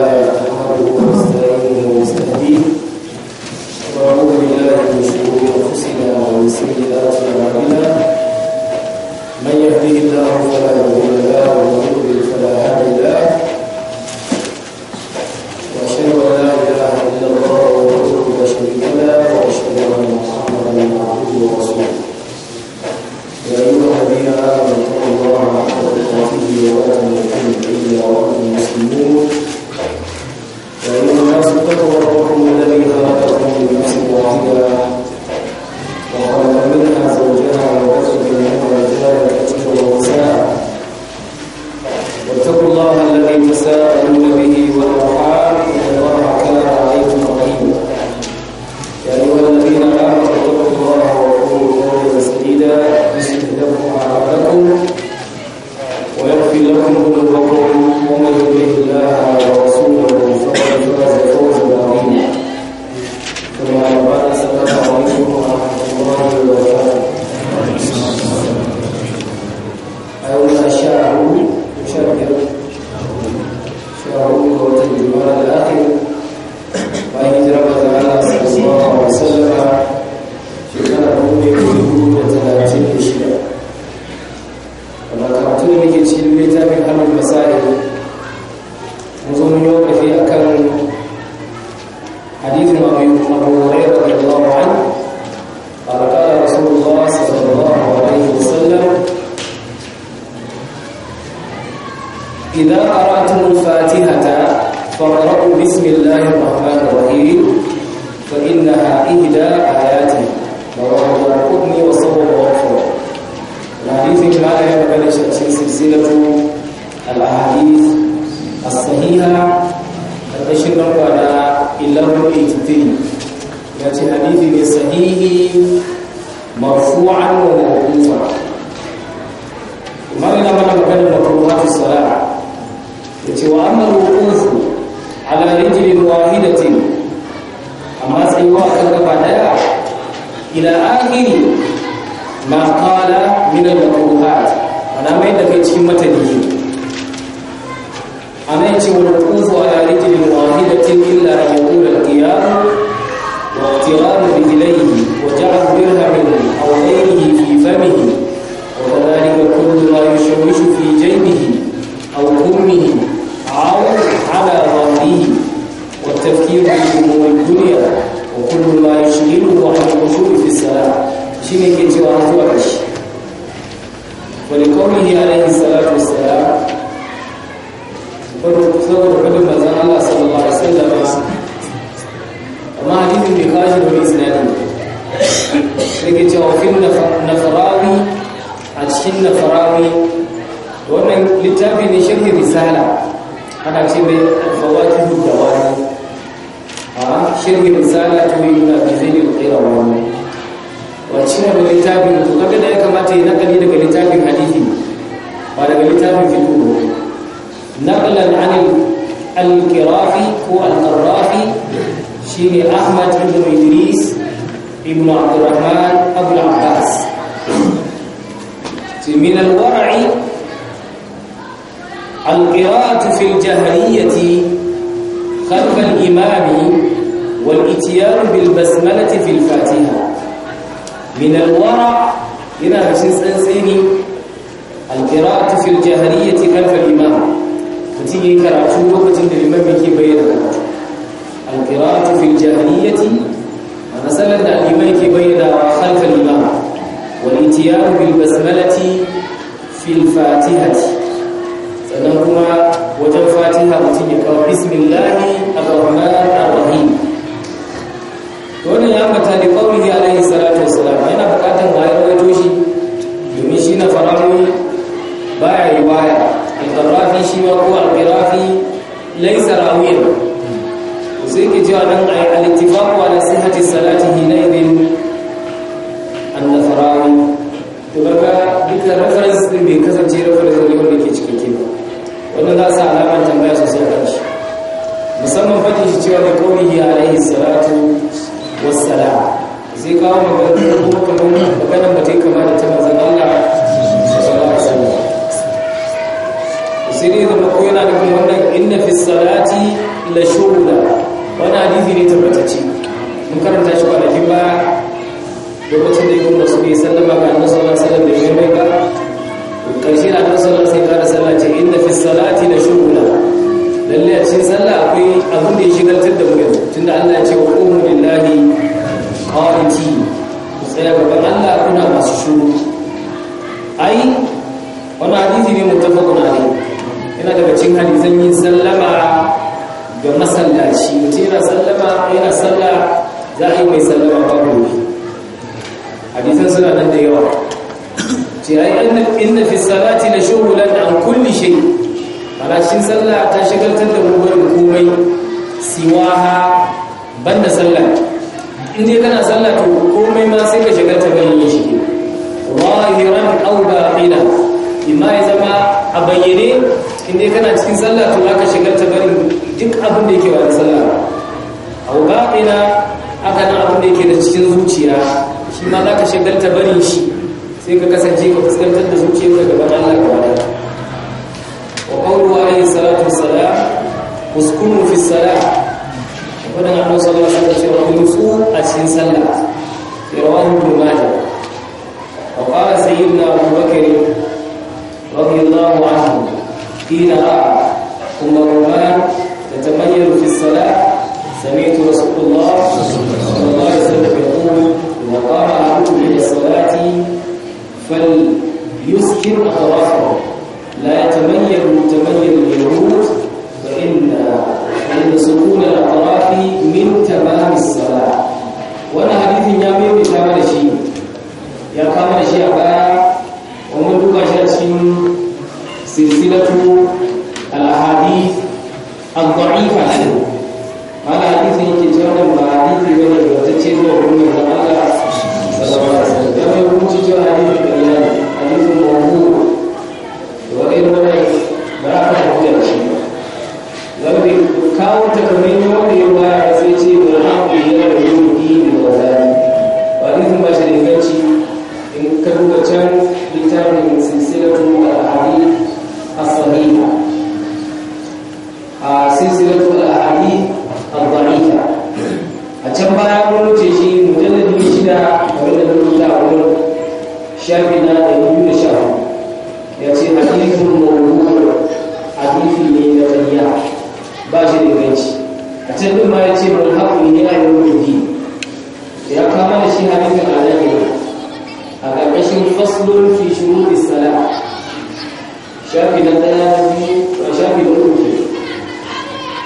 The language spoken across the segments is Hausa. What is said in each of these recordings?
Aleluia. إذا قرأتم الفاتحة فاقرأوا بسم الله الرحمن الرحيم فإنها إهدى آياته رواه القرطبي وصبر وغفر الحديث كما لا يبقى سلسلة الأحاديث الصحيحة الأشهر على 1183 يأتي حديث صحيح مرفوعا وموقوفا ومن لم يكن مرفوعات الصلاة yace wa amma al-wuquf ala rijlin wahidatin amma tsayuwa kan gaba daya ila akhiri ma qala min al-makruhat ana mai da kai cikin matani ana yace wa al-wuquf ala rijlin wahidatin illa rawul al-qiyam wa iqtirar rijlihi wa ja'al dirhamin aw ghayrihi fi famihi وكذلك كل ما يشوش في جيبه أو أمه أو على ظنه والتفكير في أمور الدنيا وكل ما يشغله عن الوصول في الصلاة شيء كي تواجه ولقوله عليه الصلاة والسلام saboda kudin manzan Allah sallallahu Alaihi wasallam amma hadisin bai kashi da wani sinadin rike cewa fil nafarawi a cikin nafarawi wannan littafi ne risala أنا أتبه الفواتف الدوارة شرق الإنسان أتبه إلا بذين وقير الله وأتشنا بالكتاب تنقل إلى بالكتاب حديث وعلى في الأمور نقلا عن الكرافي القرافي شيني أحمد بن إدريس ابن عبد الرحمن أبو العباس من الورع القراءة في الجهرية خلف الإمام والإتيان بالبسملة في الفاتحة من الورع هنا بشين سنسيني القراءة في الجهرية خلف الإمام فتيجي كراتو وكتن الإمام كي بيّن القراءة في الجهرية مثلا الإمام كي بيّن خلف الإمام والإتيان بالبسملة في الفاتحة sannan kuma wajen fatiha mutum ya kawo bismillahi ar-rahman ar-rahim to wannan ya mata da qaulihi alaihi salatu wassalam yana bukatan wayar wato shi domin shi na faramu baya riwaya al-qarafi shi ma ko al-qirafi laysa rawiyan sai ke ji nan ai al-ittifaq ala sihhati salati hina idin an-nafrawi to kaga dukkan reference din bai kasance reference ne da ke cikin kiba wanda za su alamar tambaya sosai a kanshi musamman fakin shi cewa da kaurihi alaihi salatu wassalam zai kawo magana kuma kamar magana ba ta yi kama da ta manzan Allah sai ne zama ko yana nufin wannan inna fi salati la shughla wani hadisi ne tabbatacce mun karanta shi kwanakin baya lokacin da ya gurbasu bai sallama ga annabi sallallahu alaihi wasallam da ya mai ba karshe na kan sallar sai kada sallah ce inda fi salati da shugula lalle a cikin sallah akwai abin da ya shigaltar da mu yanzu tunda Allah ya ce wa qul lillahi qaniti ku tsaya gaban Allah kuna masu shuru ai wani hadisi ne muttafaqun alayhi yana daga cikin hadisan yin sallama ga masallaci mutum yana sallama yana sallah za a yi mai sallama babu ne hadisan suna nan da yawa ce ai inna fi salati la shughlan an kulli shay farashin sallah ta shagaltar da mu barin komai siwaha banda sallah in dai kana sallah to komai ma sai ka shagalta barin yin shi zahiran aw batina imma ya zama a bayyane in dai kana cikin sallah to zaka shagalta barin duk abin da yake wa sallah aw batina haka nan abin da yake da cikin zuciya shi ma ka shagalta barin shi sai ka kasance ka fuskantar da zuciyarka gaban Allah gaba daya wa qawlu alayhi salatu wassalam uskunu fi salat wannan Allah sallallahu alaihi wasallam cewa ku nutsu a cikin sallah fi rawahu ibn majah wa qala sayyidina Abu Bakr radiyallahu anhu hina ra'a ثم الرومان تتميل في الصلاة سمعت رسول الله صلى الله عليه وسلم يقول وقام أحدكم إلى صلاتي بل يسكن أطرافه لا يتميز متميز اليهود فإن فإن سكون الأطراف من تمام الصلاة وأنا حديث يامي بتمام شيء يا كمان شيء أبا ومن دوك سلسلة الأحاديث الضعيفة Now the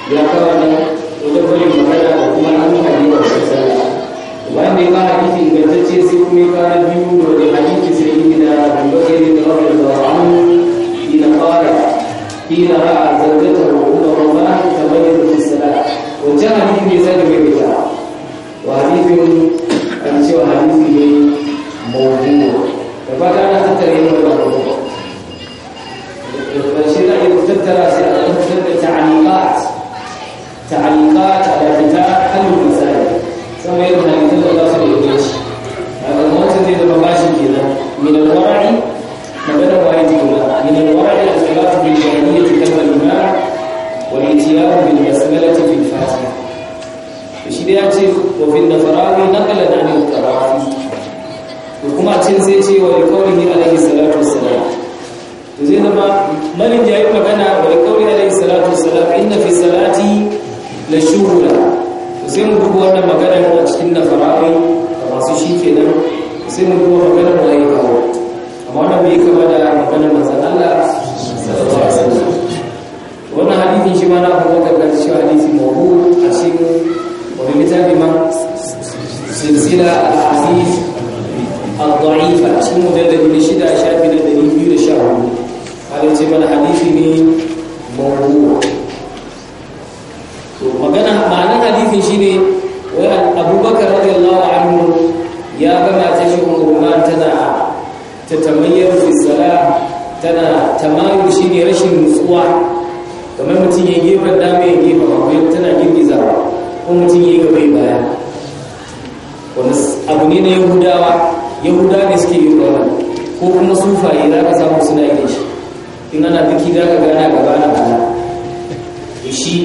ya magana da kuma ya biyu fara ne a a وفي النفراوي نقلا عن القرافي وكما تشين سي شي ولقوله عليه الصلاه والسلام زي ما مالك يا ابن انا ولقوله عليه الصلاه والسلام ان في صلاتي لشغلا sai mu duba wannan magana a cikin nafarawi da masu shi sai mu duba magana da ya kawo amma wannan bai kama da magana manzon Allah sallallahu alaihi wasallam wannan hadisin shi ma na Abu Bakar da shi hadisi mawdu a cikin wani littafi ma silsila al-hadith al-da'ifa a cikin mujallabi na shida shafi na ɗari biyu da sha hudu halarci mana hadithi ne mawuwa ma'anar hadithin shine wai abubakar radiyallahu anhu ya gama ta shi umurman tana ta tamayyar tana rashin nutsuwa kamar mutum ya gefen dama ya gefen akwai tana girgizawa kuma mutum ya yi ga bai baya wani abu ne na yahudawa yahuda ne suke yi wannan ko kuma sufaye za ka samu suna yi shi in ana duki za ka gana gaba na bala to shi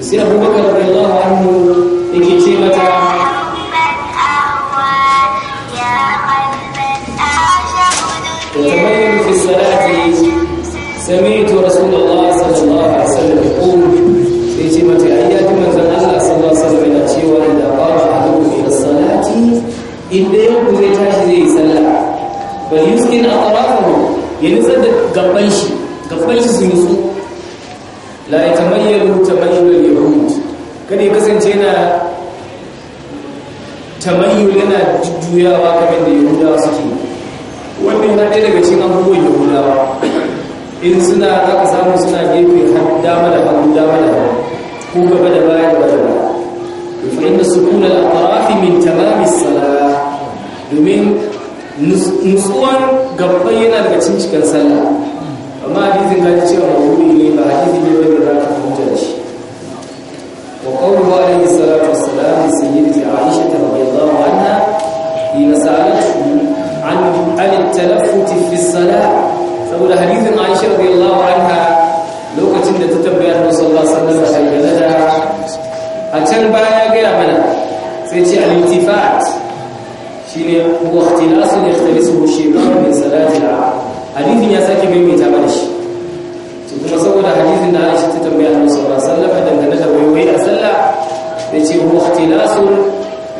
sai abubakar radiyallahu anhu yake ce mata تتميز في الصلاة سميع mutum zai tashi zai yi sallah fa yuskin aqrafahu ya nitsar da gaban shi gaban shi su nutsu ta yatamayyalu tamayyul yahud kada ya kasance yana tamayyul yana jujjuyawa kamar da yahudawa suke wannan yana ɗaya daga cikin abubuwan yahudawa in suna za ka samu suna gefe har dama da hagu dama da hagu ko gaba da baya da baya da. inna sukun al-atraf min tamam as-salat domin nutsuwan gabbai yana daga cikin cikin sallah amma hadisin ka ji cewa mawuri ne ba hadisi ne bai da ka hujja da shi wa qawlu alayhi salatu wassalam sayyidati aisha radhiyallahu anha hina sa'alatu an an at-talaffut fi as-salah saboda hadisin aisha radhiyallahu anha lokacin da ta tambaya Annabi sallallahu alaihi wasallam a can baya ga mana sai ce al-iltifat shine waqtil asl yakhtalisu shay'un min salati al hadithin ya sake maimaita mana shi to kuma saboda hadithin da Aisha ta tambaya Annabi sallallahu alaihi wasallam dangane da wai a sallah yace waqtil asl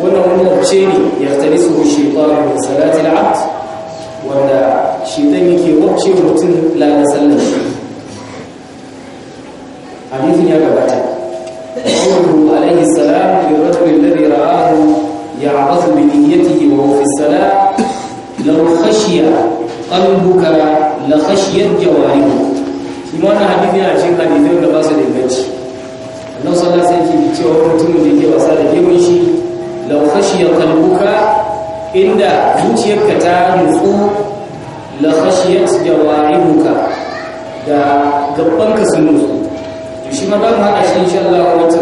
wannan wani wacce ne yakhtalisu shay'un min salati al wanda shi shaytan yake wacce mutum la na Sallah shi ya gabata Allahu alaihi salam bi rajulin ladhi ra'ahu يعرض بنيته وهو في الصلاة لو خشي قلبك لخشيت جوارحك shi wannan hadisi yana cikin hadisai da ba su da inganci annabi sallallahu alaihi wasallam yake cewa mutumin da yake wasa da gemun shi law khashiya qalbuka inda zuciyarka ta nutsu la khashiyat jawaribuka da gabbanka sun nutsu to shi ma ba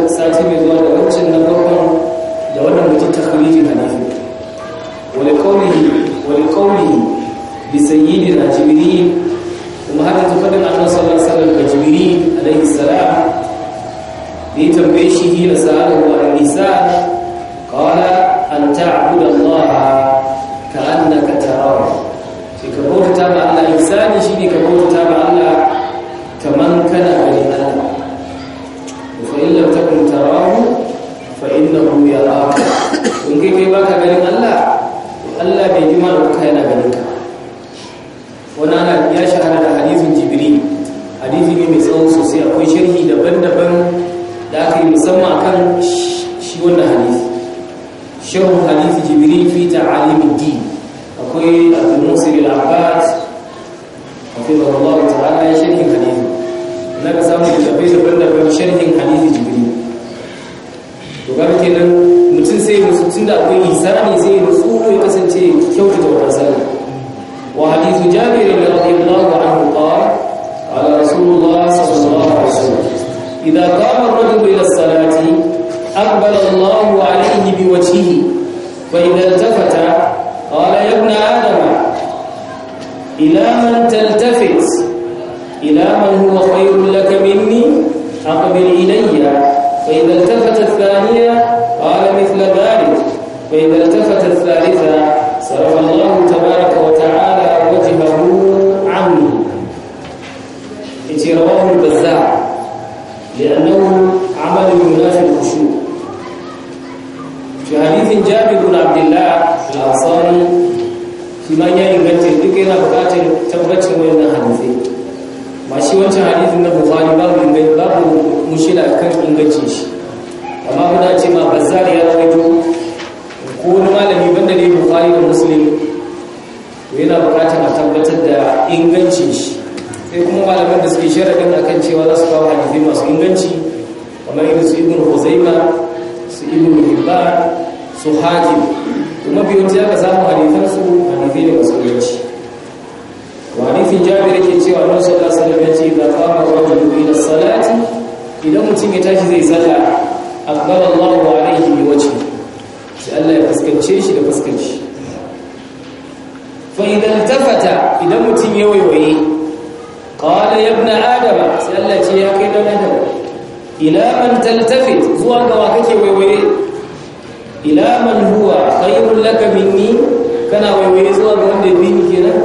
sati mai zuwa da wancan na farkon da wannan mutum takharijin hadisi wani qawlihi wani qawlihi bi sayyidina jibril kuma haka ta fadin Allah sallallahu alaihi wasallam ga jibril alaihi salam da ya tambaye shi hina sa'alahu an nisa qala an ta'budu Allah ka'annaka tarahu shi ka bauta ma Allah insani shine ka bauta ma Allah kaman kana gari Allah fa in lam takun kai baka ganin Allah Allah bai jima da kuka yana ganin ka wani ana ya shahara da hadisin jibiri, hadisi ne mai tsawon sosai akwai sharhi daban-daban da aka yi musamman akan shi wannan hadisi shirin hadisi jibiri fi ta'alimin di akwai abdul musir al-abbas akwai Allah ta'ala ya shirkin hadisi na ka samu da daban-daban shirkin hadisi jibiri. akwai ihsani sai ya su ya kasance kyautata wannan sallah wa hadithu jabir radiyallahu anhu qala qala rasulullah sallallahu alaihi wasallam idza qama ar-rajulu ila as-salati aqbala Allahu alayhi biwajhihi wa idza iltafata qala ya ibn adam ila man taltafit ila man huwa khayrun laka minni aqbil ilayya فإذا التفت الثانية قال مثل ذلك فإذا التفت الثالثة صرف الله تبارك وتعالى وجهه عنه رواه البزاع لأنه عمل ينافي الخشوع في حديث جابر بن عبد الله الأنصاري فيما ينبت ذكر بقات تبت وين حديثه ما شي wancan hadisin na Bukhari babu babu mushila kan ingancin shi amma kuna ce ma bazzar ya rawaito ko wani malami banda ne bukari da musulmi to yana bukatar a tabbatar da inganci. shi sai kuma malaman da suke sharaɗin kan cewa za su kawo hadisi masu inganci kamar yadda su ibn huzaima su ibn hibba su haji kuma biyu ta ka samu hadisansu hadisi da masu inganci وحديث جابر yake cewa Annabi sallallahu alaihi wasallam yace idza qama rajulu da salati idan mutum ya tashi zai salla akbar wa alaihi wajhi sai Allah ya fuskance shi da fuskanci. shi fa idan tafata idan mutum ya waiwaye qala ya ibn adama sai Allah ce ya kai dan adam ila man taltafit zuwa ga wa kake waiwaye ila man huwa khairul laka minni kana waiwaye zuwa ga wanda bi ni kenan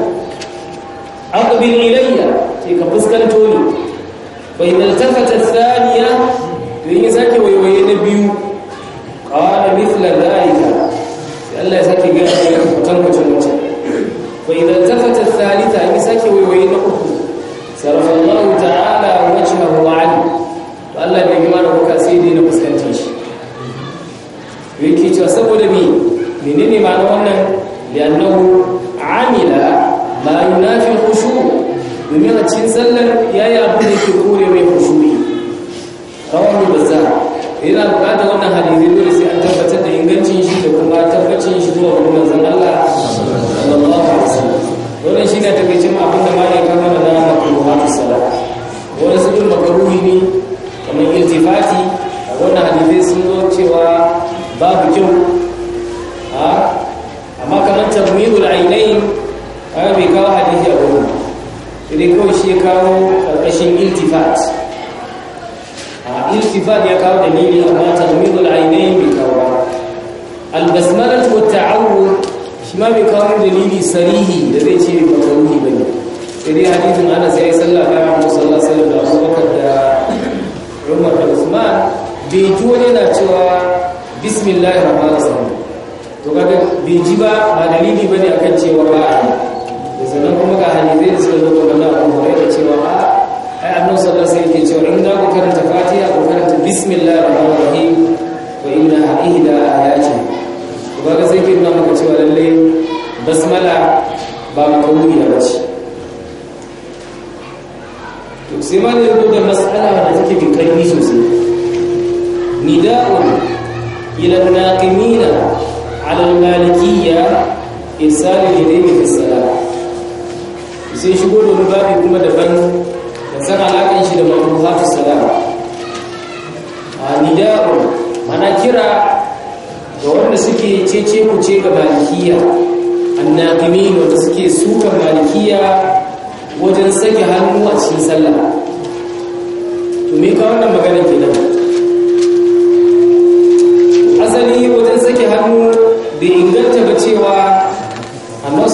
aqbil ilayya sai ka fuskanto ni fa idan tafata thaniya to in sake waiwaye na biyu qala mithla dhalika sai Allah ya sake gaya mai rubutan kucin mace fa idan tafata thalitha ya sake waiwaye na uku sarafa Allah ta'ala wajhahu an Allah bai gima da kuka sai dai na fuskanta shi yake cewa saboda me menene ma'anar wannan li'annahu amila ma yunafi khushu' domin a cikin sallar ya yi abin da ke kore mai kushuri rawar da yana bukatar wannan hadisi dole ingancin shi da kuma tabbacin shi zuwa ga zan Allah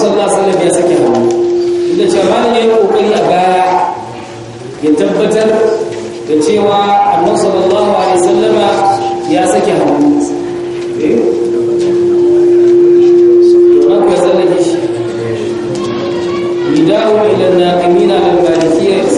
sallallahu alaihi wasallam ya sake hannu inda cewa malam ya yi kokari a baya ya tabbatar da cewa annabi sallallahu alaihi wasallam ya sake hannu رداه إلى الناقمين على المالكية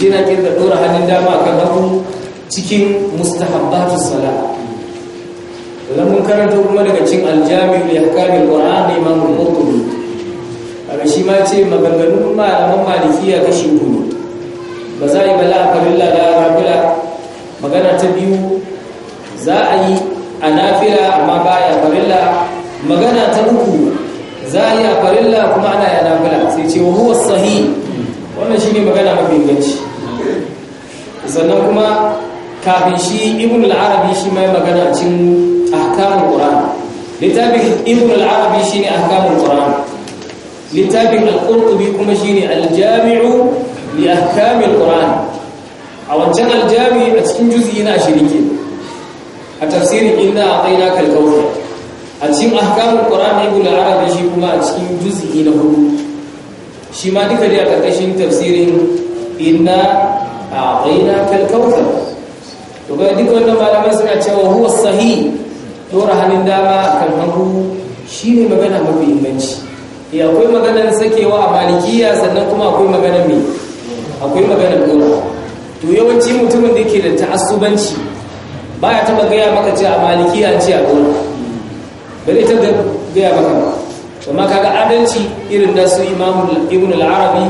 shi na kirka ɗora hannun dama kan hagu cikin mustahabbatu sala idan mun karanta kuma daga cikin aljami'u li ahkamil qur'an da imam al-qurtubi a shi ma ce maganganun malaman malikiya kashi hudu ba za a yi bala akalilla da rafila magana ta biyu za a yi a amma baya farilla magana ta uku za a yi a farilla kuma ana yana nafila sai ce wa huwa sahih wannan shine magana mafi inganci sannan kuma kafin shi ibn al-arabi shi mai magana a cikin ahkamul qur'an littafin ibn al-arabi ne ahkamul qur'an littafin al-qurtubi kuma shine al-jami'u li ahkamil qur'an a wancan al-jami a cikin juz'i na 20 ke a tafsirin inna a'tayna kal kawthar a cikin ahkamul qur'an ibn al-arabi shi kuma a cikin juz'i na 4 shi ma duka dai a karkashin tafsirin inna a bayyana kalkautar to ga duk wannan malamai suna cewa huwa sahi dora hannun dama kan hagu shine magana mafi inganci ya eh, akwai maganar sakewa a malikiya sannan kuma akwai magana me akwai maganar dora to yawanci mutumin da yake da ta'assubanci baya taba gaya maka cewa a malikiya ce a dora bare ta ga gaya maka ba amma kaga adalci irin da su imamu ibn al-arabi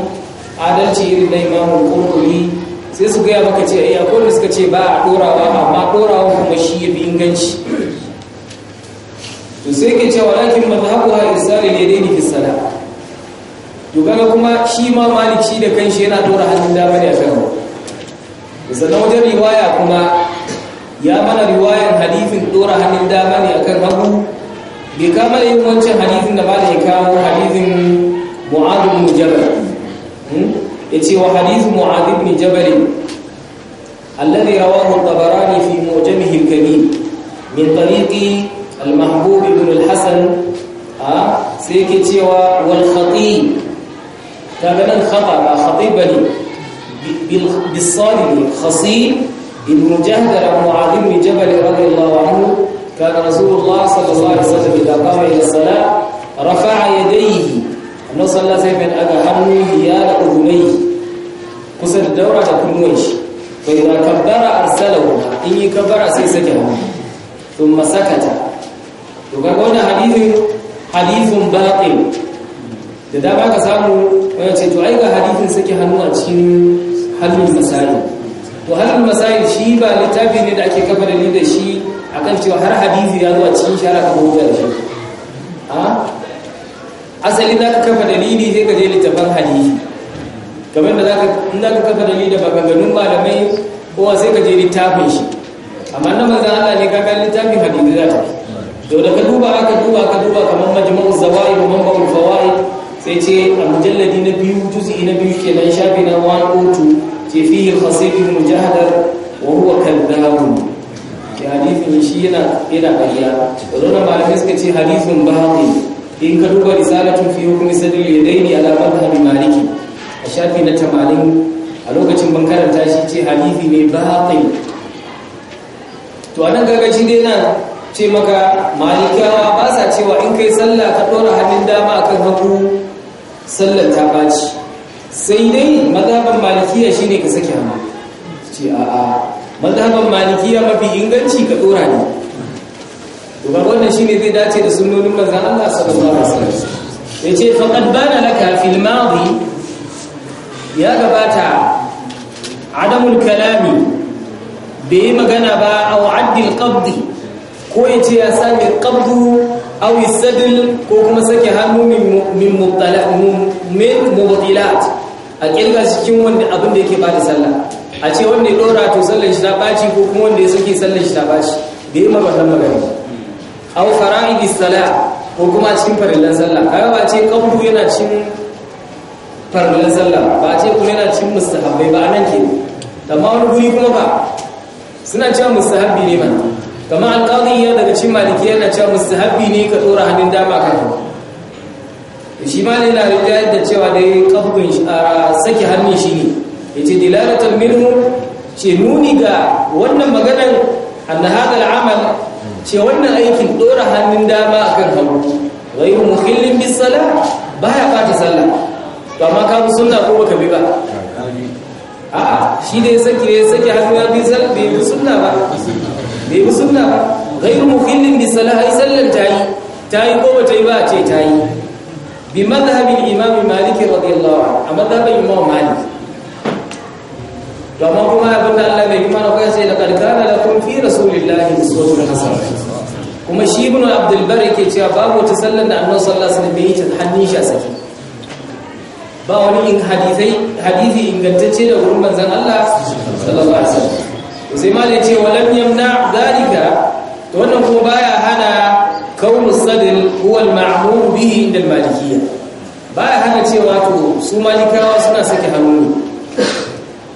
adalci irin da imamu al-qurtubi sai su gaya maka ce ya kone da suka ce ba a dorawa amma dorawa kuma shi ya fi inganci to sai ke cewa lakin haku ha isalin ne dai nufin sana to gaga kuma shi ma maliki da kanshi yana ɗora hannun dama ne a kan sannan wajen riwaya kuma ya mana riwayar halifin ɗora hannun dama ne a kan hagu bai kama da yin wancan halifin da ba da ya kawo halifin mu'adun mujallar hmm? يتي وحديث معاذ بن جبل الذي رواه الطبراني في معجمه الكبير من طريق المحبوب بن الحسن ها آه، سيكتي والخطيب كان خطأ آه، خطيبني بالصالح خصيب ابن مجهدر معاذ بن جبل رضي الله عنه كان رسول الله صلى الله عليه وسلم إذا قام إلى الصلاة رفع يديه annan sallah sai mai daga hannu biya da udunai kusa da daura da kunnuwan shi bai bara kabbara salawa in yi kabbara sai sake hannu sun masakata to kaga wannan hadithin hadithun batil da dama ka samu wani ce to ai ga hadithin sake hannu a cikin hannun masali to hannun masali shi ba littafi ne da ake kafa da ni da shi akan cewa har hadithi ya zuwa cikin shara ka huta da shi ah? asali za ka kafa dalili sai ka je littafin hadisi kamar da za ka kafa dalili da maganganun malamai ko a sai ka je littafin shi amma na manzan Allah ne ga littafin hadisi za ta to da ka duba aka duba ka duba kamar majmu'u zawai ko mabbu fawaid sai ce a mujalladi na biyu juz'i na biyu kenan shafi na 102 ce fi khasibul mujahadar wa huwa kadhabun ya hadisin shi yana yana ƙarya zo na malamai suka ce hadisin batil in ka duba risalatun fi hukumi sadil yadaini ala madhhabi maliki a shafi na 80 a lokacin ban karanta shi ce hadisi ne batil to anan gargaci dai na ce maka malikawa ba sa cewa in kai sallah ka dora hannun dama akan hagu sallar ta baci sai dai mazhaban malikiya shine ka saki hannu ce a'a mazhaban malikiya mafi inganci ka dora ne wannan shi wannan shine zai dace da sunnonin manzon Allah sallallahu alaihi wasallam yace faqad bana laka fil madi ya gabata adamul kalami bai magana ba au addil qabdi ko yace ya sami qabdu au yasdil ko kuma sake hannu min min mubtala min mubtilat a kirga cikin wanda abin da yake ba da sallah a ce wanda ya dora to sallar shi ta baci ko kuma wanda ya sake sallar shi ta baci bai magana magana au fara'id as ko kuma cikin farillan sallah kaga ba ce kanku yana cikin farillan sallah ba ce kuma yana cikin mustahabbai ba anan ke amma wani guri kuma ba suna cewa mustahabbi ne mana kama alqadi ya daga cikin maliki yana cewa mustahabbi ne ka tsora hannun dama kan shi ma ne na rijayar yadda cewa dai kafin saki hannun shi ne yace dilalatul minu ce nuni ga wannan maganar annahadar amal ce wannan aikin dora hannun dama akan hagu ghayru mukhillin bis salah baya bata sallah to amma ka bi suna ko baka bi ba a'a shi da ya saki ya saki hannu ya bi sallah bai bi sunna ba bai bi sunna ba ghayru mukhillin yi, salah ai sallan tayi tayi ko bata yi ba a ce ta yi. bi madhhabil imam maliki radiyallahu anhu a madhhabin imam malik domin kuma abin da Allah mai kuma na kwaya sai da kalkana da kun fi rasulillahi uswatun hasana kuma shi ibn abdul ke yake cewa babu ta sallar da annabi sallallahu alaihi wasallam bai hannun shi a saki ba wani in hadisai ingantacce da wurin manzon Allah sallallahu alaihi wasallam sai ma ce wa walam yamna dalika to wannan kuma baya hana kaunu sadl huwa al-ma'mur bihi inda al-malikiyya baya hana cewa to su malikawa suna saki hannu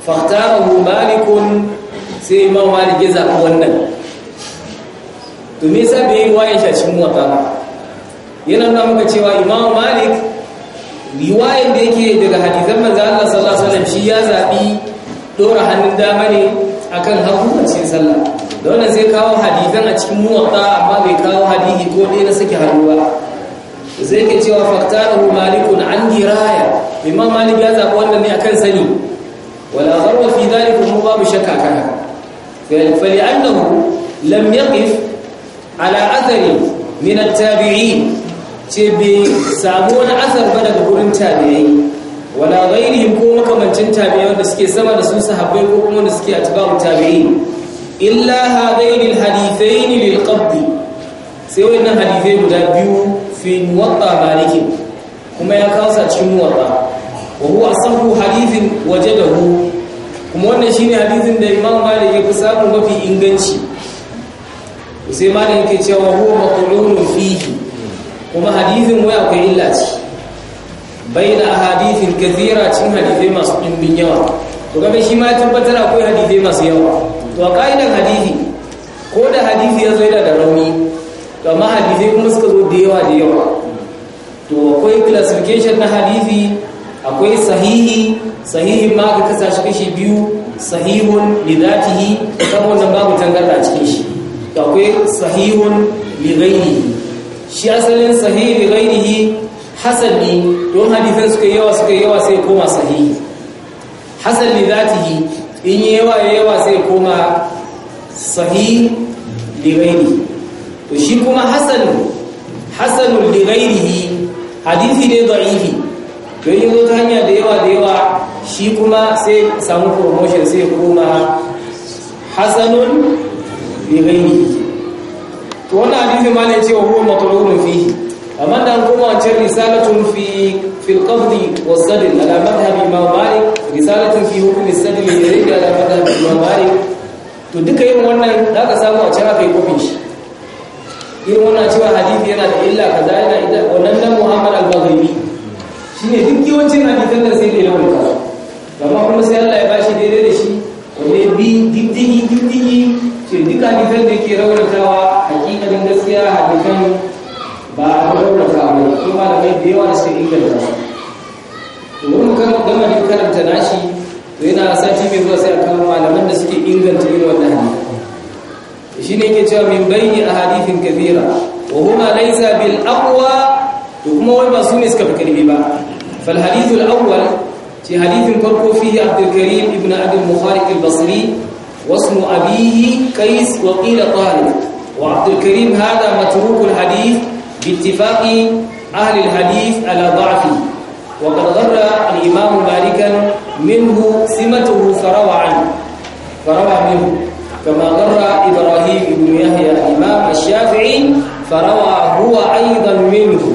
fahtarahu malikun sai imam malik ya zaɓi wannan to me yasa bai riwaya shi a cikin muwatta yana nuna muka cewa imam malik riwayar da yake daga hadisan manzo Allah sallallahu alaihi wasallam shi ya zaɓi dora hannun dama ne akan hagu a cikin sallah da wannan sai kawo hadisan a cikin muwatta amma bai kawo hadisi ko dai na saki hannu ba zai ke cewa faktarahu malikun an diraya imam malik ya zaɓi wannan ne akan sani wala zarwa fi dhalika kuma babu shakka kan haka fa li'annahu lam yaqif ala athari min at-tabi'in ce bai samu wani asar ba daga gurin tabi'ai wala ghairihim ko makamancin tabi'ai wanda suke sama da su sahabbai ko kuma wanda suke atba'u tabi'in illa hadaini alhadithain lilqabd sai wannan hadithai guda biyu fi kuma ya kawo cikin muwatta wa huwa sahu hadithin wajadahu kuma wannan shine hadithin da Imam Malik ya fi samu mafi inganci sai malam yake cewa huwa maqulun fihi kuma hadithin wai akwai illa ce baina ahadithin kathira cin hadithai masu dimbin yawa to game shi ma tabbatar akwai hadithai masu yawa to a kaidan hadithi ko da hadithi ya zo yana da rauni to amma hadithai kuma suka zo da yawa da yawa to akwai classification na hadithi akwai sahihi sahihin ma ka kasa shi kashi biyu sahihun lidatihi saboda babu tangarda cikin shi akwai sahihun lighairihi shi asalin sahihi hasan hasali don hadisan suka yawa suka yawa sai koma sahihi hasan li lidatihi in yawa yawa sai koma sahihi lighairihi to shi kuma hasan hasanul lighairihi hadisi ne da'ifi to yi zo ta hanya da yawa da yawa shi kuma sai samu promotion sai koma hasanun bi ghairi to wannan hadisi malai cewa huwa matlubun fihi amma dan kuma wancan risalatun fi fil qafd wa sadl ala madhhab imam risalatun fi hukm sadl yarid ala alamar habi mawari to duka yin wannan za ka samu a cikin yi kofin shi irin wannan cewa hadisi yana da illa ka na yana wannan muhammad al-maghribi ne duk yawancin hadisan da sai da yawan ka amma kuma sai Allah ya bashi daidai da shi wanda ya bi diddigi diddigi ce duk hadisan da ke raunatawa hakikalin gaskiya hadisan ba a raunata ba kuma malamai da yawa da suka inganta to wani kan gama duk karanta nashi to yana sati mai zuwa sai a kawo malaman da suke inganta irin wannan hadisi ne yake cewa min bayni ahadithin kathira wa huma laysa bil aqwa to kuma wai ba su ne suka fi karbi ba فالحديث الأول في حديث فرقه فيه عبد الكريم ابن أبي المخارق البصري واسم أبيه كيس وقيل طالب وعبد الكريم هذا متروك الحديث باتفاق أهل الحديث على ضعفه وقد غر الإمام مالكا منه سمته فروى عنه فروى منه كما غر إبراهيم بن يحيى الإمام الشافعي فروى هو أيضا منه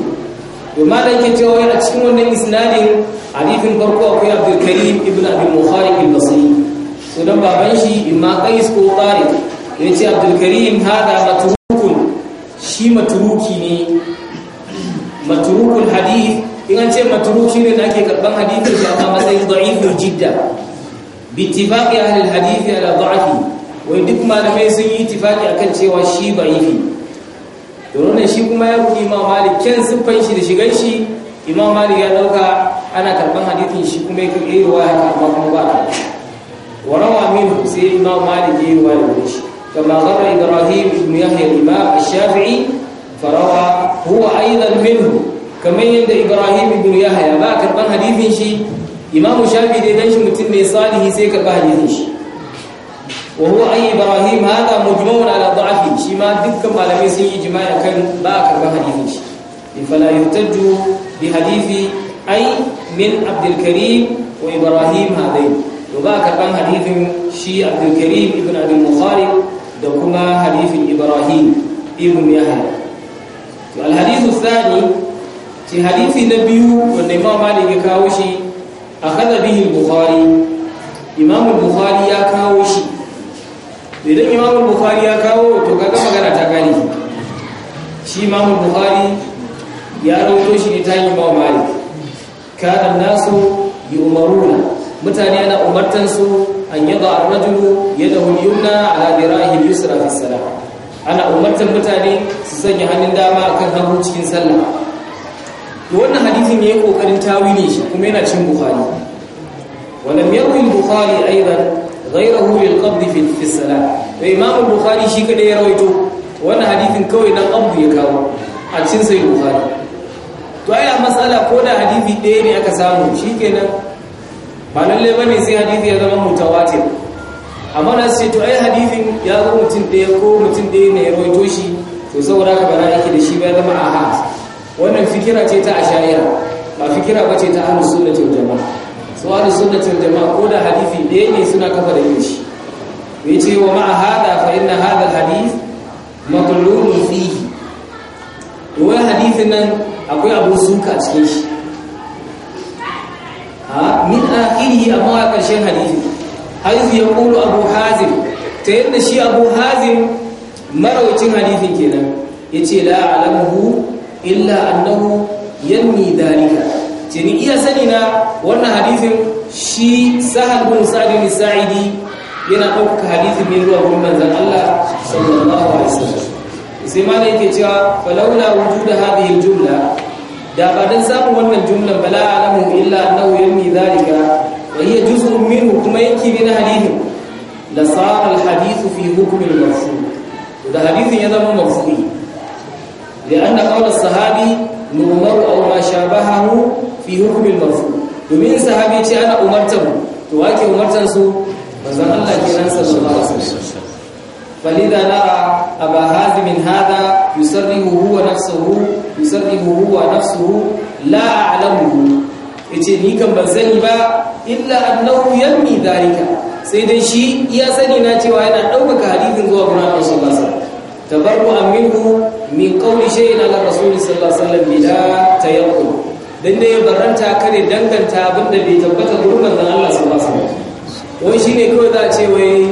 to malam ke cewa a cikin wannan isnadin hadithin farko akwai Abdul Karim ibn Abi Mukhariq al so dan baban shi imma Qais ko Tariq yace Abdul Karim hada matrukun shi matruki ne matrukul hadith in an ce da ake karban hadithin shi amma matsayin da'ifun jidda bi ittifaqi ahli al wai duk malamai sun yi ittifaqi akan cewa shi da'ifi domin nan shi kuma ya buɗi imam malik kyan siffan shi da shigan shi imam malik ya ɗauka ana karban hadithin shi kuma ya yi ruwa ya kama kuma ba a warawa min sai imam malik ya yi ruwa da wani shi kama gaba ibrahim ibn yahya a shafi'i farawa huwa aidan minhu kamar yadda ibrahim ibn yahya ba a karban hadithin shi imam shafi'i dai dan shi mutum ne salihi sai karɓa hadithin shi وهو أي إبراهيم هذا مجمع على ضعفه شما دكا ما لم يسي جماع كان باك بحديثه فلا يحتج بحديث أي من عبد الكريم وإبراهيم هذين وباك بان حديث شي عبد الكريم ابن عبد المخالف دكما حديث إبراهيم ابن يهل الحديث الثاني في حديث النبي والإمام مالك كاوشي أخذ به البخاري إمام البخاري يا كاوشي idan imam bukhari ya kawo to kaga magana ta kare shi imam bukhari ya rawaito shi ne ta imam malik kana nasu yu'maruna mutane ana umartan su an yada ar-rajulu yadahu al-yumna ala dirahi yusra fi salam ana umartan mutane su sanya hannun dama akan hagu cikin sallah to wannan hadisin yi kokarin tawili shi kuma yana cin bukhari wa lam yarwi al-bukhari aidan ghayrahu lil qabd fi salat wa imam bukhari shi kadai ya rawaito wannan hadithin kawai na qabd ya kawo a cikin sahih bukhari to ai a ko da hadithi daya ne aka samu shi shikenan ba lalle bane sai hadithi ya zama mutawatir amma na ce to ai hadithin ya zo mutum daya ko mutum ɗaya ne ya rawaito shi to saboda haka bana yake da shi ba ya zama aha wannan fikira ce ta asha'ira ba fikira ba ce ta ahlus sunnati wal jama'a su ahli sunnatul jama'a ko da hadisi ɗaya ne suna kafa da yin shi ce wa ma'a hada fa inna hada hadif maqlulun fihi to wai nan akwai abu suka a cikin shi a min a amma a ƙarshen hadisi haizu ya ƙulu abu hazin ta yadda shi abu hazin marawacin hadisin kenan ya ce la alamuhu illa annahu yanni dalika ce ni iya sani na wannan hadithin shi sahal bin sa'id bin sa'idi yana ɗaukaka hadithin ne zuwa gurin manzon Allah sallallahu alaihi wasallam sai ma yake cewa falawla wujuda hadhihi aljumla da ba dan samu wannan jumlan bala alamu illa annahu yanni zalika wa hiya juz'un minhu kuma yake ne na hadisin la sara alhadith fi hukm almarfu da hadithin ya zama marfu'i لأن قول الصحابي نؤمر أو ما شابهه fi hukumin marfu domin sahabi ce ana umartar to wake umartar su manzon Allah kenan sallallahu alaihi wasallam فلذا نرى أبا هازم هذا يسره هو نفسه يسره هو نفسه لا أعلمه yace ni kan ban sani ba illa annahu yammi zalika sai dai shi ya sani na cewa yana ɗaukaka hadisin zuwa gurin Annabi sallallahu alaihi wasallam tabarru aminu min qawli shay'in ala rasul sallallahu alaihi wasallam bila tayaqqul dan ya baranta kare danganta abin da bai tabbata wurin manzon Allah sallallahu alaihi ba wai shine kawai za a ce wai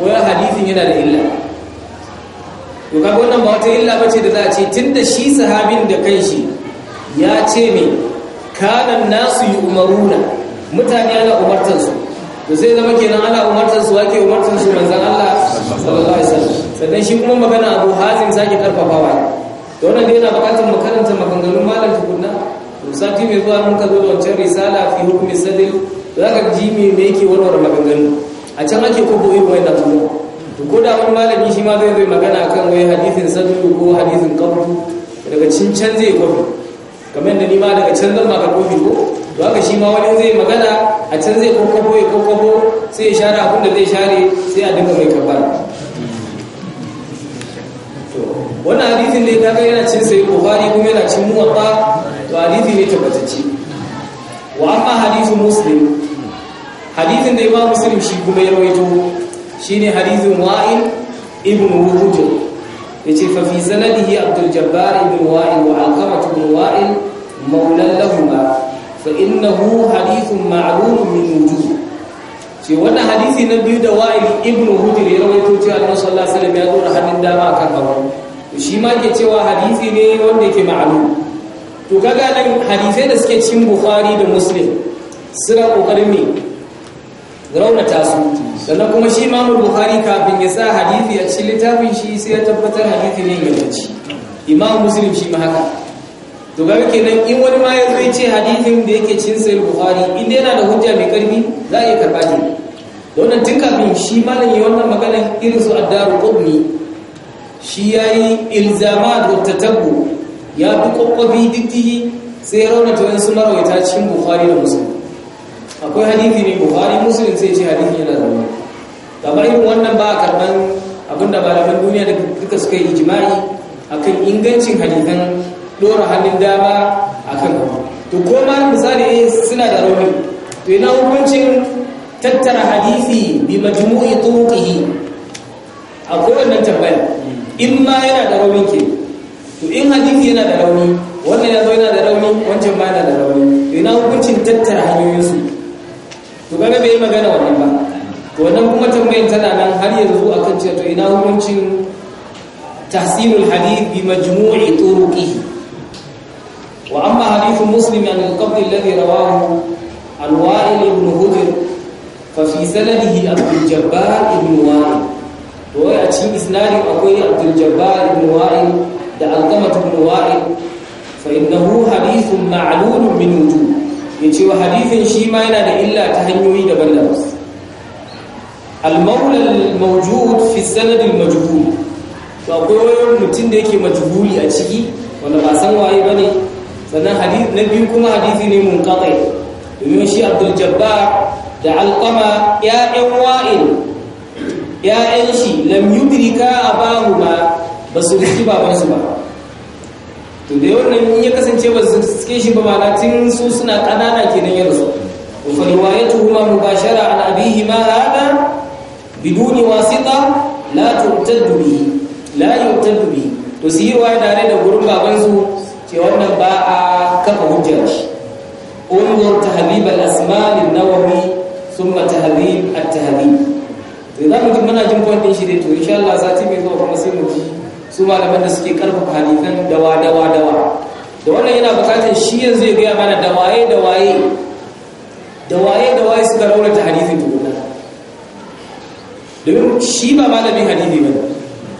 wai hadisin yana da illa to wannan ba wata illa ba bace da za a ce da shi sahabin da kanshi ya ce me kanan nasu umaruna mutane ana umartar su to sai zama kenan ana umartansu su wake umartansu su Allah sallallahu alaihi sannan shi kuma magana Abu Hazim sake karfafawa to wannan dai yana bukatar mu karanta maganganun malam tukunna to sati mai zuwa mun ka zo da wancan risala fi hukmi sadil za ka ji me me yake warware maganganu a can ake kubo yi boye da tuno ko da wani malami shi ma zai zai magana akan wai hadisin sadil ko hadisin qabru daga cin can zai kwafi kamar da ni ma daga can zan maka kofi ko to haka shi ma wani zai magana a can zai kwakwabo ya kwakwabo sai ya share abin da zai share sai a dinga mai kabara wannan hadisin ne kaga yana cin sai bukhari kuma yana cin muwatta to hadisi ne tabbatacce wa amma hadisin muslim hadisin da imam muslim shi kuma ya rawaito shine hadisin wa'il ibn wuhud yace fa fi sanadihi abdul jabbar ibn wa'il wa alqamah ibn wa'il mawlan lahumma fa innahu hadithun ma'lum min wujuh ce wannan hadisi na biyu da wa'il ibn wuhud ya rawaito cewa annabi sallallahu alaihi wasallam ya dora hannun dama akan hagu to shi ma ke cewa hadisi ne wanda yake ma'alu to kaga nan hadisai da suke cikin bukhari da muslim suna kokarin me raunata su sannan kuma shi ma mu bukhari kafin ya sa hadisi a cikin littafin shi sai ya tabbatar hadisi ne ya ingantacce imam muslim shi ma haka to ga nan in wani ma ya zo ce hadisin da yake cikin sahih bukhari in yana da hujja mai karfi za a iya karba shi wannan tun kafin shi malam ya wannan magana irin su addaru qubni shi ya yi da ta tatabbu ya fi kwakwafi diddigi sai raunata wani su marawaita cikin bukhari da musulun akwai hadithi ne bukhari musulun sai ce hadithi yana da wani kamar yin wannan ba a karɓar abinda da duniya da duka suka yi jima'i akan ingancin hadithan ɗora hannun dama akan hawa to ko ma misali eh, suna da rauni to yana hukuncin tattara hadisi bi majmu'i tuqihi akwai wannan tabbai in ma yana da rauni ke to in hadisi yana da rauni wannan ya zo yana da rauni wancan ma yana da rauni to ina hukuncin tattara hanyoyin su to kaga bai magana wannan ba to wannan kuma tambayin tana nan har yanzu akan cewa to ina hukuncin tahsinul hadith bi majmu'i turuqihi wa amma hadith muslim an al-qabd alladhi rawahu al-wa'il ibn hujr fa fi sanadihi abdul jabbar ibn wa'il to a cikin isnadi akwai Abdul Jabbar ibn Wa'il da Alqamah ibn Wa'il fa hadithun ma'lulun min wujuh yace wa hadithin shi ma yana da illa ta hanyoyi daban-daban al-mawla al-mawjud fi sanad al-majhul to akwai wani mutum da yake majhuli a ciki wanda ba san waye bane sannan hadith na biyu kuma hadisi ne munqati domin shi Abdul Jabbar da alkama ya ɗan wa'il ‘ya'yan shi lam yudrika abahu ba ba su riski babansu ba to da yawan nan ya kasance ba su suke shi ba mana tun su suna kanana kenan ya rasu wa fa riwayatuhuma mubashara an ma hada biduni wasita la tuqtadu bi la yuqtadu bi to su yi riwaya tare da gurin babansu ce wannan ba a kafa hujjar shi unzur tahdhib al-asma lin-nawawi thumma tahdhib at-tahdhib to za mu ji muna jin point din shi dai to insha Allah sati mai zuwa kuma sai mu ji su malaman da suke karfafa hadisan dawa dawa dawa da wannan yana bukatar shi yanzu ya gaya mana da waye da waye da waye da waye suka raunata hadisin tukuna domin shi ba malamin hadisi ba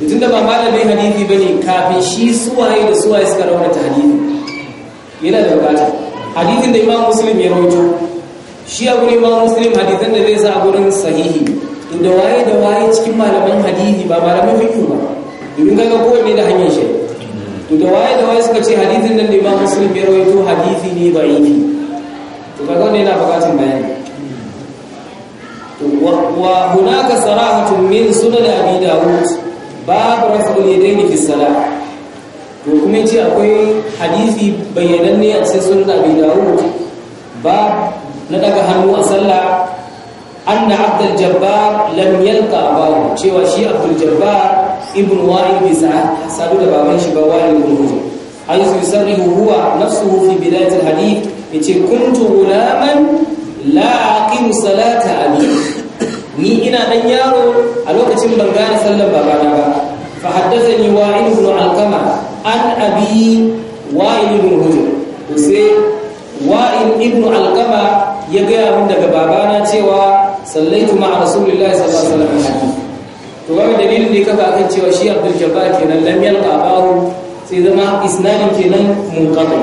ne tun da ba malamin hadisi ba ne kafin shi suwaye da suwaye suka raunata hadisi yana da bukata hadisin da imam muslim ya rawaito shi a gurin imam muslim hadisan da zai sa a gurin sahihi da waye da waye cikin malaman hadisi ba malaman fiqh ba domin kowa ne da hanyar shi to da waye da waye suka ce hadisin nan da Imam Muslim ya rawaito hadisi ne yi to kaga wannan yana bukatun bayani to wa hunaka sarahatun min sunan Abi Dawud bab raf'ul yadayn fi salat to kuma ce akwai hadisi bayyananne a cikin sunan Abi daud ba na daga hannu a sallah anna abdul jabbar lam yalqa abahu cewa shi abdul jabbar ibn wa'il sadu da baban shi ba wa'il ibn hujr haythu yusarrihu huwa nafsuhu fi bidayat al hadith yace kuntu gulaman la aqimu salata abi ni ina dan yaro a lokacin ban gane sallar babana ba fa haddathani wa'il ibn alqama an abi wa'il ibn hujr sai wa'il ibn alqama ya gaya min daga babana cewa sallaitu ma rasulullahi sallallahu alaihi wasallam to wani dalilin da kafa akan cewa shi Abdul Jabbar kenan lam yalqa bahu sai zama isnadin kenan munqati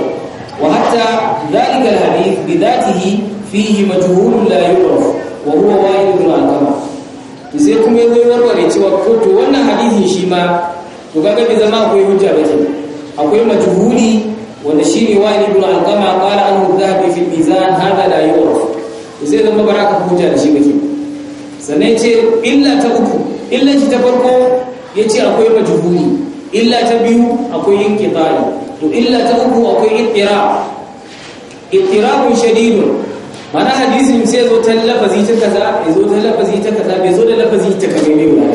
wa hatta dhalika alhadith bi dhatihi fihi majhulun la yu'raf wa huwa wa'id ibn al-Qama to sai kuma yayi warware cewa ko to wannan hadisin shi ma to kaga bi zama akwai hujja bace akwai majhuli wanda shine wa'id ibn al-Qama qala anhu dhahabi fi al-mizan hada la yu'raf zai zama baraka ko huta da shi ba ke sannan ce illa ta uku illa shi ta farko ya ce akwai majhuli illa ta biyu akwai inqita'i to illa ta uku akwai ittira ittirabun shadidun mana hadisin sai zo ta lafazi ta kaza ya zo ta lafazi ta kaza bai zo da lafazi ta kaza ne ba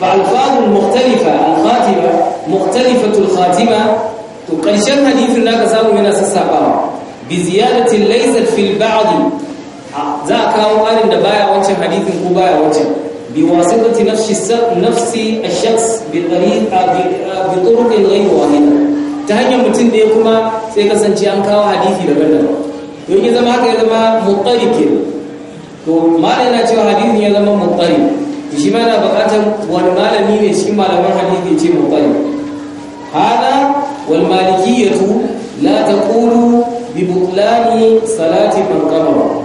fa alfazul mukhtalifa al-khatima mukhtalifatul khatima to karshen hadisin ka samu yana sassabawa bi ziyadatin laysat fil ba'd za a kawo ƙarin da baya wancan hadithin ko baya wancan bi da nafsi nafsi ash-shakhs bi tariqa bi turuqin ghayr ta hanyar mutum da ya kuma sai kasance an kawo hadisi daga daban to yi zama haka ya zama ke to malai yana cewa hadithin ya zama muqarrik shi ma na bukatar wani malami ne cikin malaman hadisi ce mutari hada wal malikiyatu la taqulu bi butlani salati man qamara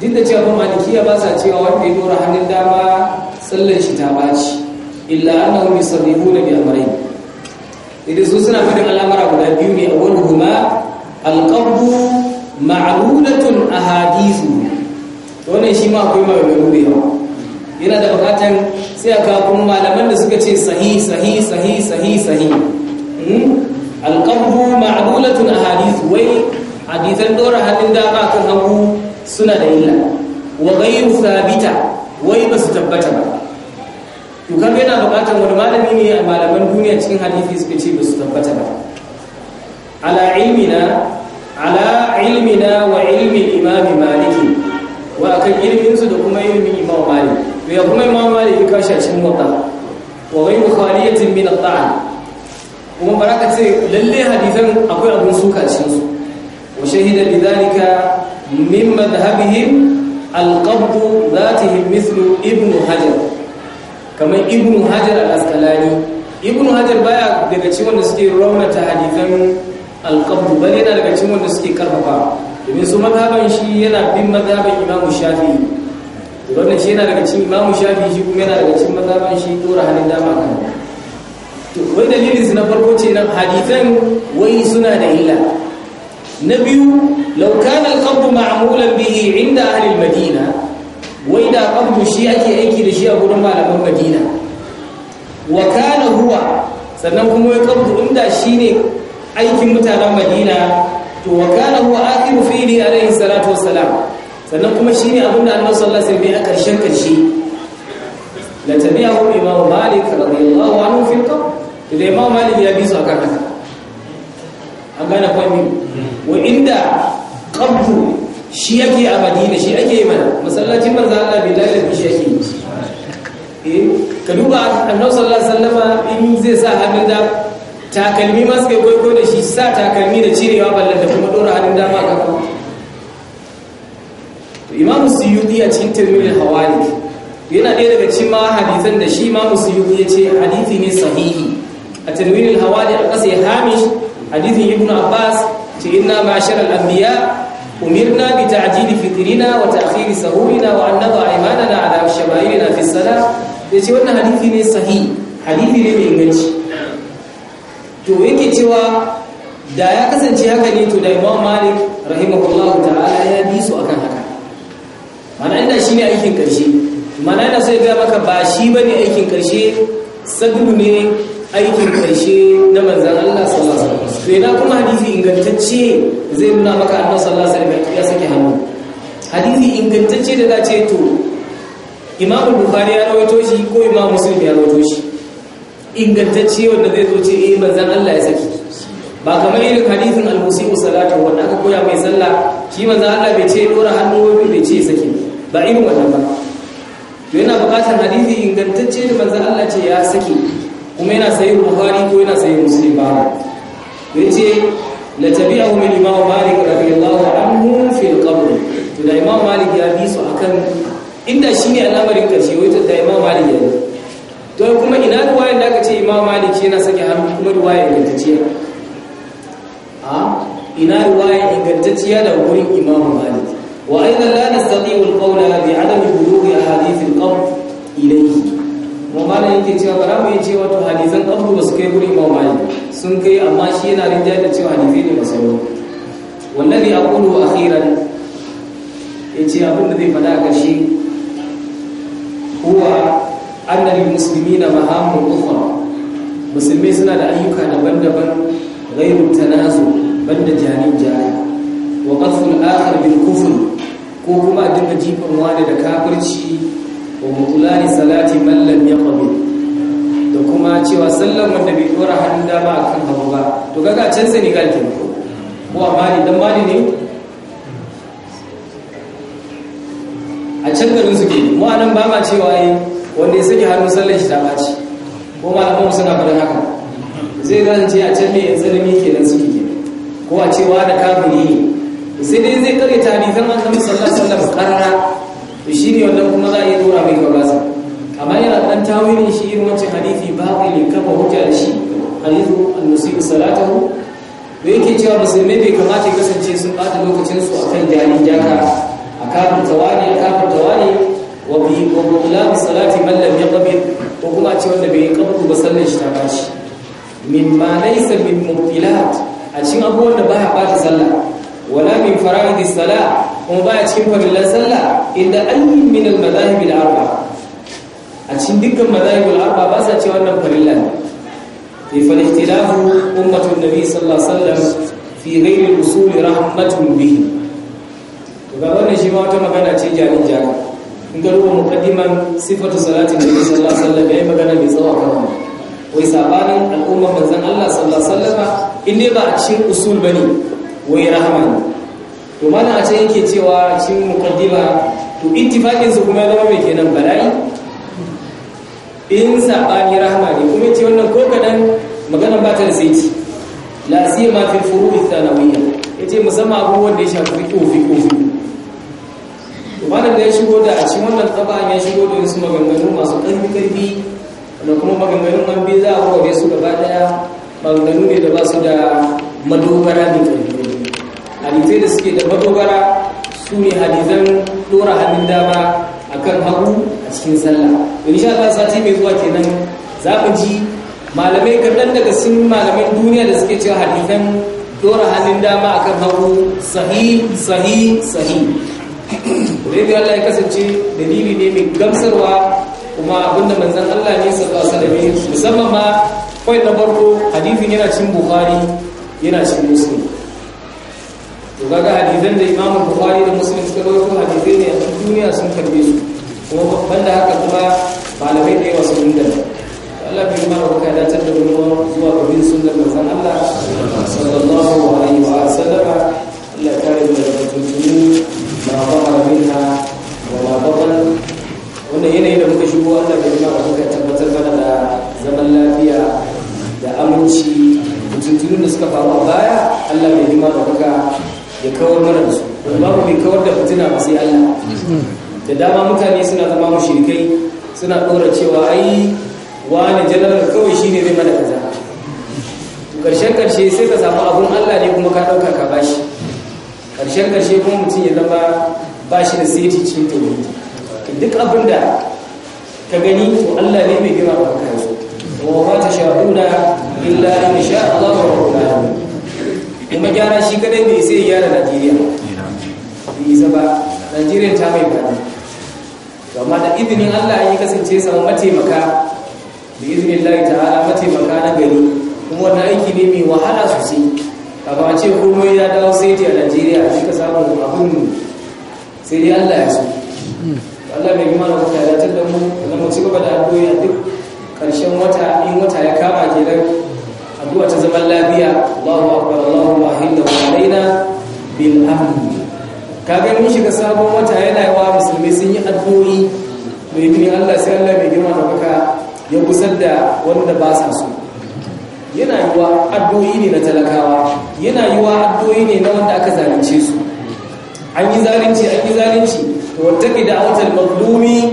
duk da cewa malikiya ba sa cewa wanda ya dora hannun dama sallan shi ta baci illa annahu yusabbihu bi amrayn idan su suna fadin al'amara guda biyu ne awwaluhuma alqabdu ma'rudatun ahadithu wannan shi ma akwai maganganu da yawa yana da bukatan sai aka kuma malaman da suka ce sahi sahi sahi sahi sahi hmm? alqabdu ma'rudatun ahadithu wai hadisan dora hannun dama kan hagu suna da illa wa ghayru thabita wai ba su tabbata ba to kaga yana bukatar wani malami ne a malaman duniya cikin hadisi suka ce ba su tabbata ba ala ilmina ala ilmina wa ilmin imam maliki wa akan ilmin su da kuma ilmin imam maliki to ya kuma imam maliki kashi a cikin wata wa ghayru khaliyatin min at-ta'a kuma baraka ce lalle hadisan akwai abun suka cikin su wa shahida lidhalika min madhhabihim alqabdu zatihim mithlu ibnu hajar kamar ibnu hajar al-asqalani ibnu hajar baya daga cikin wanda suke raunata hadithan alqabdu bal yana daga cikin wanda suke karfafa domin su madhaban shi yana bin madhaban imamu shafi'i wannan shi yana daga cikin imamu shafi'i shi kuma yana daga cikin madhaban shi dora hannun dama kan to wai dalilin su na farko ce na hadithan wai suna da illa na biyu laukana kabdu ma'amulan bihi inda ahlil madina wai da kabdu shi ake aiki da shi a gudun malaman madina wa kana sannan kuma ya kabdu inda shi ne aikin mutanen madina to wa kana huwa akhiru fi'li alayhi salatu wassalam sannan kuma shi ne abinda annabi sallallahu alaihi wasallam ya karshen karshe la tabi'ahu imam malik radiyallahu anhu fi al-qabr idan imam malik ya bi su akan haka an gane kwami wa inda kabdu shi yake a madina shi ake yi mana masallacin marza Allah bai lalle shi yake eh ka duba annabi sallallahu alaihi wasallama in zai sa hannun da takalmi ma suka goyo da shi sa takalmi da cirewa ballan da kuma dora hannun dama a kafa to imamu suyuti a cikin tirmidhi hawali yana ɗaya daga cikin ma hadisan da shi imamu suyuti ya ce hadisi ne sahihi a tirmidhi hawali a ƙasa ya hamish hadithin ibnu abbas ce inna ma'ashar al-anbiya umirna bi ta'jili fitrina wa ta'khiri sahurina wa an nadha aymanana ala shamayirina fi salat yace wannan hadithi ne sahihi hadithi ne mai inganci to yake cewa da ya kasance haka ne to da Imam Malik rahimahullahu ta'ala ya bi su akan haka mana ina shine aikin karshe mana ina sai ga maka ba shi bane aikin karshe sadu ne aikin karshe na manzon Allah sallallahu alaihi wasallam to ina kuma hadisi ingantacce zai nuna maka annabi sallallahu alaihi wasallam ya saki hannu hadisi ingantacce da za ce to imam bukhari ya rawaito shi ko imam musulmi ya rawaito shi ingantacce wanda zai zo ce eh manzan Allah ya saki ba kamar irin hadisin al-musibu salatu wanda aka koya mai sallah shi manzan Allah bai ce dora hannu bai ce saki ba irin wannan ba to yana bukatar hadisi ingantacce da manzan Allah ce ya saki kuma yana sayi buhari ko yana sayi musulmi ba da yace la tabi'ahu min imam malik radiyallahu anhu fi al-qabr to da imam malik ya bi su akan inda shine al'amarin karshe wai da imam malik ya to kuma ina ruwayar da aka ce imam malik yana sake hannu kuma ruwayar ingantacciya a ina ruwayar ingantacciya da wurin imam malik wa aidan la nastati'u al-qawla bi 'adami bulughi ahadith al-qabr ilayhi Mu mana yake cewa bara mu yi cewa to hadisan abu ba su kai guri imam mai sun kai amma shi yana rinjaye da cewa hadisi ne masaru wallahi aqulu akhiran yace abin da zai fada a ƙarshe huwa anna lil muslimina mahamu ukhra Musulmi suna da ayyuka daban-daban ghairu tanazu banda jarin jari wa qasl akhar bil kufr ko kuma dinga jifan wani da kafirci wa mutulani salati man lam yaqbil da kuma cewa sallan wanda bai dora hannun dama akan hagu ba to kaga can Senegal ke ko a Mali dan Mali ne a can garin suke mu nan ba ma cewa ai wanda ya saki hannun sallan shi ta baci ko malaman suna faɗin haka zai ce a can ne ke nan suke kenan ko a cewa da kafiri ne sai dai zai kare tarihin annabi sallallahu sallar wasallam karara to shi ne wanda kuma za a iya dora mai kaulasa amma yana dan tawilin shi irin wancan hadithi batil kafa hujja da shi hadithu an-nusi salatahu da yake cewa musulmai bai kamata ya kasance sun bata lokacinsu a kan jari jaka a kafin tawani a kafin tawani wa bi wa salati man lam yaqbid ko kuma ce wanda bai kabdu ba sallar shi ta bashi min ma laysa min mubtilat a cikin abubuwan da baya bata sallah wala min fara'id salat kuma baya cikin farillan sallah inda an yi min al-madahib al-arba a cikin dukkan madahib al-arba ba sa ce wannan farilla ne fi falihtilahu ummatun nabi sallallahu alaihi wasallam fi ghairi al-usul rahmatun bihi to ga wannan shi ma wata magana ce jarin jarin in ga ruwa muqaddiman sifatu salati nabi sallallahu alaihi wasallam yayi magana mai tsawo kan wannan wai sabanin al'umma manzon Allah sallallahu alaihi wasallam in ne ba a cikin usul bane wai rahman to mana a can yake cewa cin mukaddima to ittifaqin su kuma zama mai kenan bala'i in ni rahama ne kuma ce wannan ko kadan magana ba ta da saiti la ma fi furu'i thanawiyya yace musamman abubuwan da ya shafi fiqh to malam da ya shigo da a cikin wannan tsaba ya shigo da wasu maganganu masu karfi karfi da kuma maganganun an bi za a kore su gaba daya maganganu ne da ba su da madogara ne karfi hadisai da suke da madogara su ne hadisan dora hannun dama akan hagu a cikin sallah da insha ta sati mai zuwa kenan za ku ji malamai kaɗan daga sun malamai duniya da suke cewa hadisan dora hannun dama akan hagu sahi sahi sahi Rabi Allah ya kasance dalili ne mai gamsarwa kuma abinda manzan Allah ne sallallahu alaihi wasallam musamman ma kawai na farko hadifin yana cin buhari yana cin musulmi. to kaga hadisan da Imam Bukhari da Muslim suka rawaito hadisai ne a cikin duniya sun karbe su kuma banda da haka kuma malamai da yawa sun dinga Allah bai ma baka da tar da mu zuwa ga bin sunnar manzon Allah sallallahu alaihi wa sallam Allah kare mu daga tuntuni ma zahara minha wa ma batan wannan yanayi da muka shigo Allah bai ma baka tabbatar mana da zaman lafiya da aminci tuntunin da suka faru a baya Allah bai ma baka ya kawar mana da su babu mai kawar da fitina ba sai Allah da dama mutane suna zama shirkai suna ɗora cewa ai wani janaral kawai shine zai mana kaza karshen karshe sai ka samu abun Allah ne kuma ka dauka ka bashi karshen karshe kuma mutum ya zama bashi da seti cikin tauhidi duk abin da ka gani to Allah ne mai gina ba ka so wa ma tasha'una illa in sha Allah wa alamin kuma gyara shi kadai ne sai gyara najeriya da isa ba najeriya ta mai bane gama da izinin allah ya kasance sama mataimaka da izinin lai ta'ala mataimaka na gari kuma na aiki ne mai wahala sosai a ba ce kuma ya dawo sai a najeriya a ka samun abin sai dai allah ya so allah mai gima da kuka da mu da mu ci gaba da addu'a duk karshen wata in wata ya kama kenan addu'a ta zaman lafiya Allahu akbar Allahu ahilla wa alaina bil amn kaga mun shiga sabon wata yana yawa musulmi sun yi addu'o'i mai bin Allah sai Allah mai girma da baka ya kusar da wanda ba sa so yana yiwa addu'o'i ne na talakawa yana yiwa addu'o'i ne na wanda aka zalunce su an yi zalunci an yi zalunci to wattaki da wata mazlumi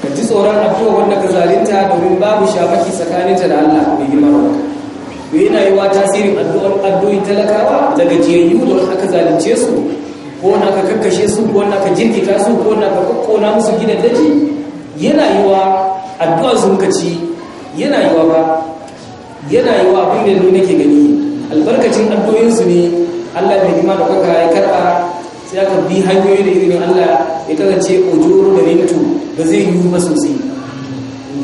ka ji tsoron addu'a wanda ka zalunta domin babu shafaki tsakaninta da Allah mai girma da to yana yi wa tasirin addu'ar addu'in talakawa daga jiyayyu da wani aka zalunce su ko wani aka kakkashe su ko wani aka jirkita su ko wani aka kokkona musu gidan daji yana yi wa addu'ar sun kaci yana yi wa ba yana yi wa abin da nake gani albarkacin addu'o'insu ne Allah mai hima da kuka ya karɓa sai aka bi hanyoyi da irin Allah ya kasance ojoro da rintu ba zai yi ba sosai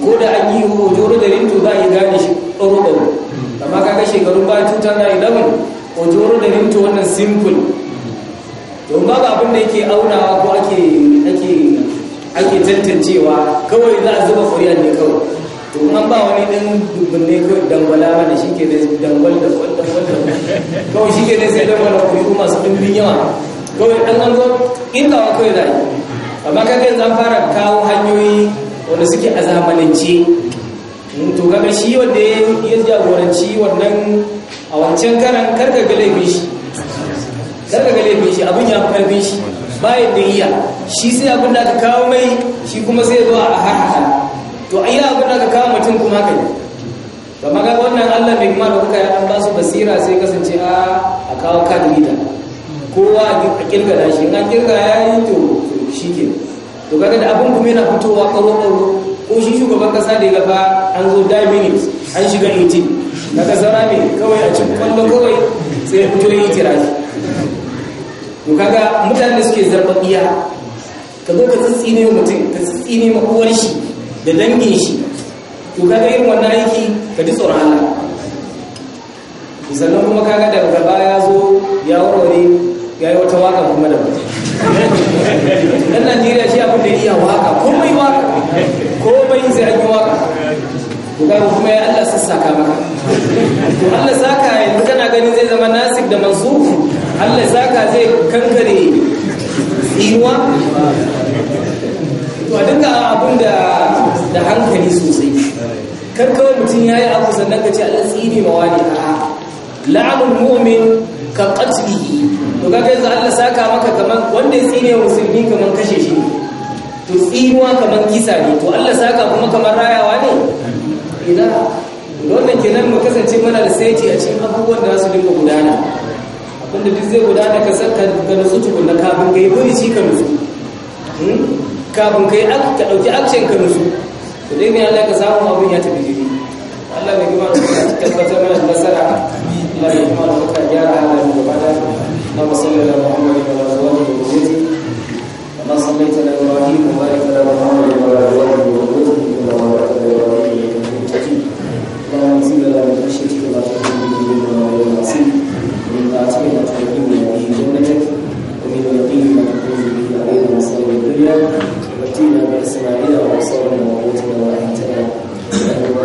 ko da an yi ojoro da rintu za a yi gane shi ɗaro-ɗaro amma kaga shekarun baya 2011 ojoro da rinto wannan simple don ba ga abin da yake aunawa ko ake ake ake tantancewa kawai za a zuba kuri'a ne kawai to an ba wani dan dubbanne kawai dangwala da shi ke da dangwal da dangwal kawai shi ke ne sai dangwala kuri'u masu dimbin yawa kawai dan an zo indawa kawai za a yi amma kaga yanzu an fara kawo hanyoyi wanda suke a zamanance to kaga shi wanda ya jagoranci wannan a wancan karan karka ga laifin shi karka ga laifin shi abin ya fi karfin shi bayan da iya shi sai abin da ka kawo mai shi kuma sai zuwa a harhaka to a iya abin da ka kawo mutum kuma haka ne ba maga wannan allah mai kuma da kuka an ba su basira sai kasance a a kawo kan gida kowa a kirgada shi in an kirga ya yi to shi ke to kaga da abin kuma yana fitowa karo karo ko shi shugaban kasa da ya gaba an zo diamond an shiga 18 na kasa rami kawai a cikin kwallo kawai sai ya fito yi tiraji to kaga mutane suke zarfafiya ka zo ka ne mutum ka ne makuwar shi da dangin shi to kaga irin wannan aiki ka ji tsoron Allah sannan kuma kaga daga gaba ya zo ya warware ya yi wata waka kuma da mutum dan najeriya shi abin da iya waka komai waka komai sai an yi waka ga kuma ya Allah sassaka maka to Allah saka yanzu kana ganin zai zama nasik da mansub Allah saka zai kankare iwa to a duka abin da hankali sosai kar kawai mutum yi abu sannan ka ce Allah tsini mawani a'a la'anul mu'min ka qatlihi to kaga yanzu Allah saka maka kaman wanda ya tsine musulmi kaman kashe shi to tsinuwa kaman kisa ne to Allah saka kuma kaman rayawa ne ina wannan kenan mu kasance mana da saiti a cikin abubuwan da su dinga gudana abinda duk zai gudana ka san ka nutsu tukunna kafin kai buri shi ka nutsu hmm? kafin kai ka dauki action ka nutsu to dai ne Allah ka samu abin ya tafi jiri Allah mai gima tabbatar mana nasara الله سبحانه وتعالى جعل هذا على محمد وعلى ازواجه وذريته كما صليت على على محمد وعلى اللهم انزل من خشيتك ما تحول به بيننا وبين المعصيه ومن طاعتك ما به جنتك ومن اليقين ما تحول به علينا مصائب الدنيا ومتينا باسماعيل وابصارنا وقوتنا واحيتنا